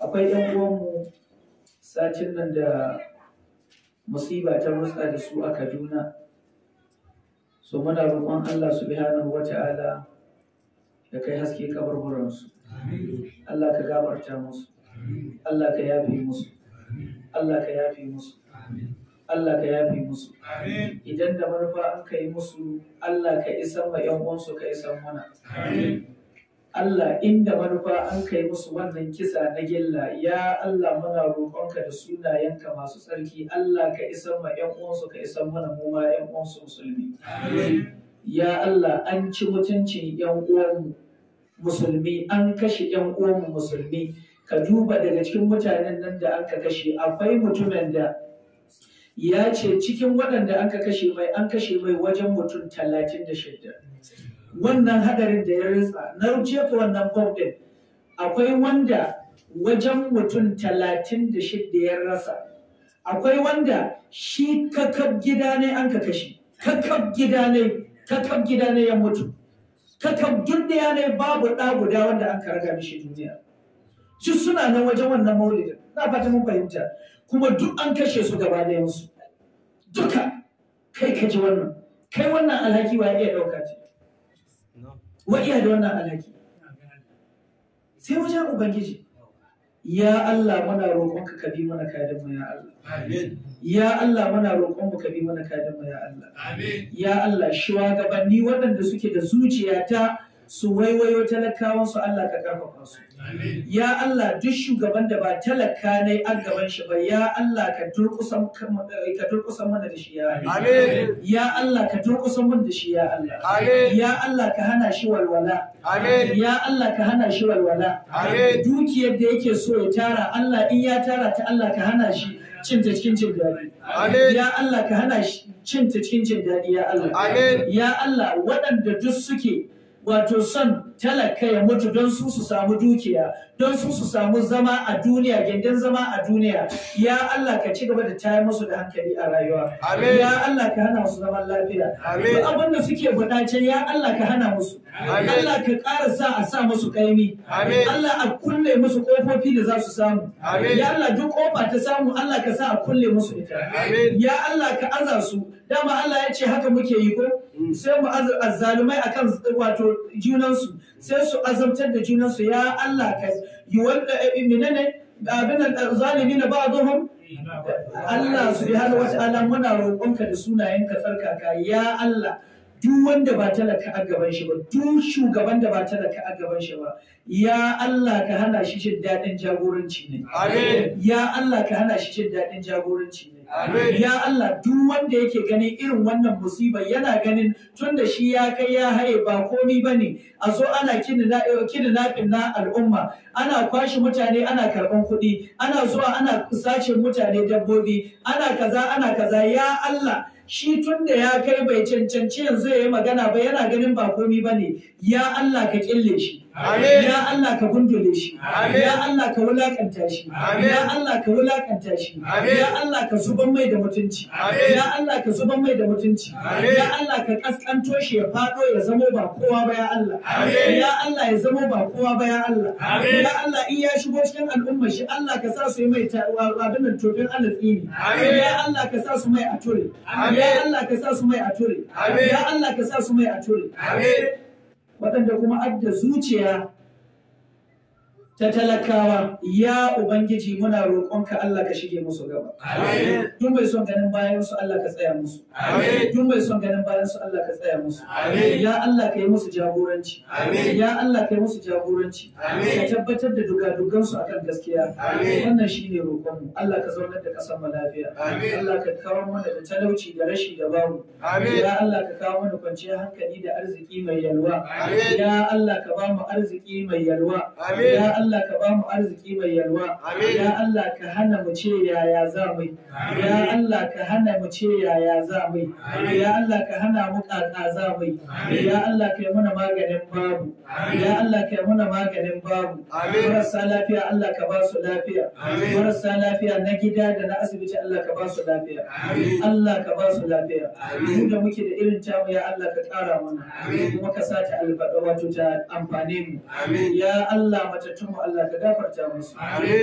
akwai yan uwanmu satin nan da musiba ta rutsa da su a Kaduna so muna roƙon Allah subhanahu wata'ala ya kai haske kaburburansu Allah ka gafarta musu Allah ka yafe musu Allah ka yafe musu Allah ka yafe musu idan da manufa an kai musu Allah ka isan ma 'yan uwansu ka isan mana Allah inda manufa an kai musu wannan kisa na gilla ya Allah muna roƙonka da sunayenka masu tsarki Allah ka isan ma ƴan uwansu ka isan mana mu ma ƴan uwansu musulmi ya Allah an ci mutuncin ƴan uwan musulmi an kashe ƴan uwan musulmi ka duba daga cikin mutanen nan da aka kashe akwai mutumin da ya ce cikin waɗanda aka kashe mai an kashe mai wajen mutum talatin da shida wannan hadarin da ya rinsa na jefa wannan bom akwai wanda wajen mutum talatin da shida ya rasa akwai wanda shi kakab gida ne an ka kashi kakab gida ne kakab gida ne ya mutu kakab gida ne babu ɗa guda wanda an ka mishi duniya su suna nan wajen wannan maulidin na fata mun fahimta kuma duk an kashe su gaba da yansu duka kai ka wannan kai wannan alhaki wa iya ɗauka ce wa iya da wannan alhaki sai wajen ubangiji ya Allah muna roƙon ka bi mana kadin mu ya Allah ya Allah muna roƙonka ka bi mana kadin mu ya Allah ya Allah shugabanni waɗanda suke da zuciya ta su waiwayo talakawan su Allah ka karfafa su ya Allah duk shugaban da ba talaka ne a gaban shi ba ya Allah ka durkusan ka durkusan mana da shi ya Allah ya Allah ka durkusan mana da shi ya Allah ya Allah ka hana shi walwala ya Allah ka hana shi walwala dukiyar da yake so ya tara Allah in ya tara ta Allah ka hana shi cin ta cikin jin daɗi. Ya Allah ka hana cin ta cikin jin daɗi ya Allah. Ya Allah waɗanda duk suke wato son talaka ya mutu don su su samu dukiya don su su samu zama a duniya gindin zama a duniya ya Allah ka ci gaba da tayar musu da hankali a rayuwa ya Allah ka hana musu zaman lafiya duk abin da suke buƙace ya Allah ka hana musu Allah ka ƙara sa a sa musu ƙaimi Allah a kulle musu ƙofofi da za su samu ya Allah duk ƙofa ta samu Allah ka sa a kulle musu ita ya Allah ka aza su dama Allah ya ce haka muke yi ko mm. sai mu azzalumai akan wato junansu sai su azabtar da junansu ya Allah ka yi wanda eh, eh, menene abin eh, zalimi na ba'dhum Allah subhanahu wa ta'ala muna roƙonka da sunayen sunayenka tsarkaka ya Allah duk wanda ba talaka a gaban shi ba duk shugaban da ba talaka a gaban shi ba ya Allah ka hana shi jin daɗin jagoranci ne ya Allah ka hana shi jin daɗin jagoranci ne ya Allah duk wanda yake gani irin wannan musiba yana ganin tunda shi ya kai ya haye ba komi bane a zo ana kidnapping na al'umma ana kwashe mutane ana karban kuɗi ana zuwa ana sace mutane dabbobi ana kaza ana kaza ya Allah shi tun da ya kai bai cancanci yanzu ya yi magana ba yana ganin ba komi ba ne ya Allah ka kille shi Ya Allah ka gundule shi. Ya Allah ka wulakanta shi. Ya Allah ka wulakanta shi. Ya Allah ka zuban mai da mutunci. Ya Allah ka zuban mai da mutunci. Ya Allah ka kaskanto shi ya fado ya zama ba kowa ba ya Allah. Ya Allah ya zama ba kowa ba ya Allah. Ya Allah in ya shigo cikin al'umma shi Allah ka sa su yi mai abin nan tofin alatsi Ya Allah ka sa su mai a ture. Ya Allah ka sa su mai a ture. Ya Allah ka sa su mai a ture. waɗanda kuma adda zuciya ta talakawa ya ubangiji muna roƙonka Allah ka shige musu gaba duk mai son ganin bayan su Allah ka tsaya musu duk mai son ganin bayan su Allah ka tsaya musu ya Allah ka yi musu jagoranci ya Allah ka yi musu jagoranci ka tabbatar da dugadugan su akan gaskiya wannan shine roƙon mu Allah ka zaunar da ƙasar mu lafiya Allah ka kawo mana da talauci da rashi da babu ya Allah ka kawo mana kwanciyar hankali da arziki mai yalwa ya Allah ka ba mu arziki mai yalwa ya Allah Allah ka bamu arziki mai yalwa ya Allah ka hana mu ce yaya za mu ya Allah ka hana mu ce yaya za mu ya Allah ka hana mu za mu ya Allah ka yi mana maganin babu ya Allah ka yi mana maganin babu marasa lafiya Allah ka ba su lafiya marasa lafiya na gida da na asibiti Allah ka ba su lafiya Allah ka ba su lafiya mu da muke da irin tamu ya Allah ka kara mana kuma ka sa ta albarka wato ta amfane mu ya Allah matatun Allah ka gafarta musu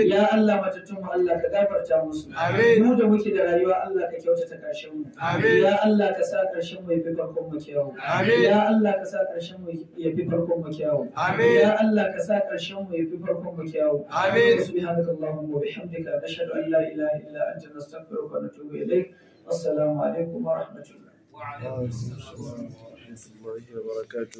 ya Allah matattun mu Allah ka gafarta musu mu da muke da rayuwa Allah ka kyautata karshen mu ya Allah ka sa karshen mu yafi farkon mu kyawu ya Allah ka sa karshen mu yafi farkon mu kyawu ya Allah ka sa karshen mu yafi farkon mu kyawu subhanakallahumma wa bihamdika nashhadu an la ilaha illa anta nastaghfiruka wa natubu ilayk assalamu alaikum wa rahmatullahi wa alaikum assalam wa rahmatullahi wa barakatuh